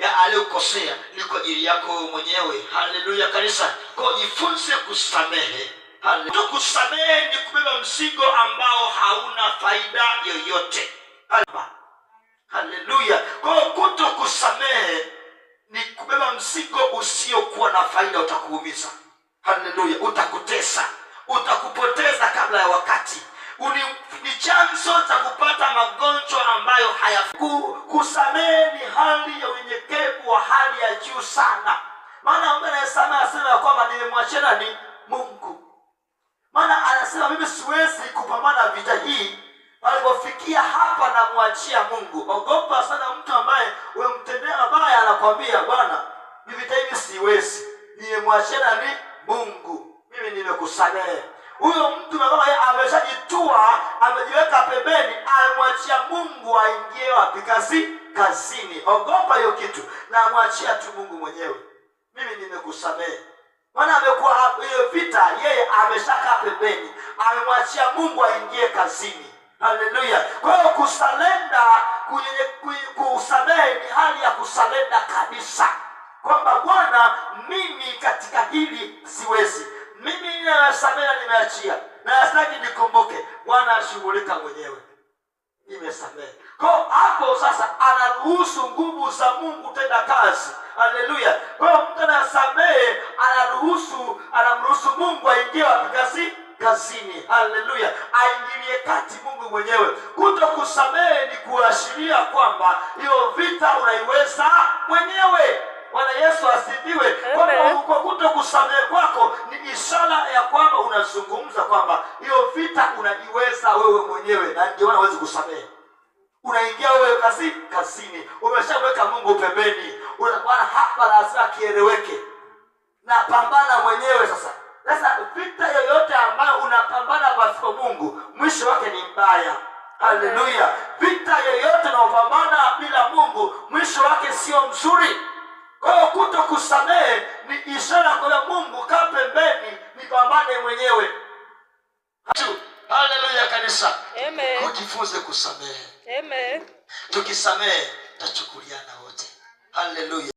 ya aliyokosea ni kwa ajili yako wewe mwenyewe. Haleluya kanisa, kwa jifunze kusamehe. Haleluya. Kusamehe ni kubeba mzigo ambao hauna faida yoyote. Haleluya. Kwa kuto kusamehe ni kubeba mzigo usiokuwa na faida, utakuumiza. Haleluya, utakutesa, utakupoteza kabla ya wakati Uni, ni chanzo cha kupata magonjwa ambayo hayaku. Kusamehe ni hali ya wenye kwa hali ya juu sana maana mungu anasema asema ya kwamba nimemwachia nani mungu maana anasema mimi siwezi kupambana vita hii alipofikia hapa namwachia mungu ogopa sana mtu ambaye umemtendea mabaya anakwambia bwana mimi vita hivi siwezi nimemwachia nani mungu mimi nimekusamehe huyo mtu ambaye ameshajitua, amejiweka pembeni amemwachia mungu waingie wapi? Kazi kazini. Ogopa hiyo kitu na mwachia tu Mungu mwenyewe. Mimi nimekusamehe. Maana amekuwa hiyo vita, yeye ameshakaa pembeni, amemwachia Mungu aingie kazini. Haleluya! Kwa hiyo kusalenda, kusamehe ni hali ya kusalenda kabisa, kwamba Bwana, mimi katika hili siwezi, mimi ninayosamehe nimeachia na sitaki nikumbuke. Bwana ashughulika mwenyewe imesamehe kwao. Hapo sasa anaruhusu nguvu za Mungu tenda kazi. Haleluya! Kwa hiyo mtu anasamehe, anaruhusu, anamruhusu Mungu aingie wapi? Kazi kazini. Haleluya! aingilie kati Mungu mwenyewe. Kuto kusamehe ni kuashiria kwamba hiyo vita unaiweza mwenyewe. Bwana Yesu asifiwe. Kwa kuto kusamehe kwako ni ishara ya kwamba unazungumza kwamba hiyo vita unajiweza wewe mwenyewe, na ndio maana huwezi kusamehe. Unaingia wewe kazi kazini, umeshaweka Mungu pembeni, unakuwa hapa lazima kieleweke, na pambana mwenyewe sasa. Sasa vita yoyote ambayo unapambana pasipo Mungu, mwisho wake ni mbaya. Haleluya! Vita yoyote unaopambana bila Mungu, mwisho wake sio mzuri. Kwa hiyo kuto kusamehe tujifunze kusamehe. Amen. Tukisamehe tachukuliana wote. Haleluya.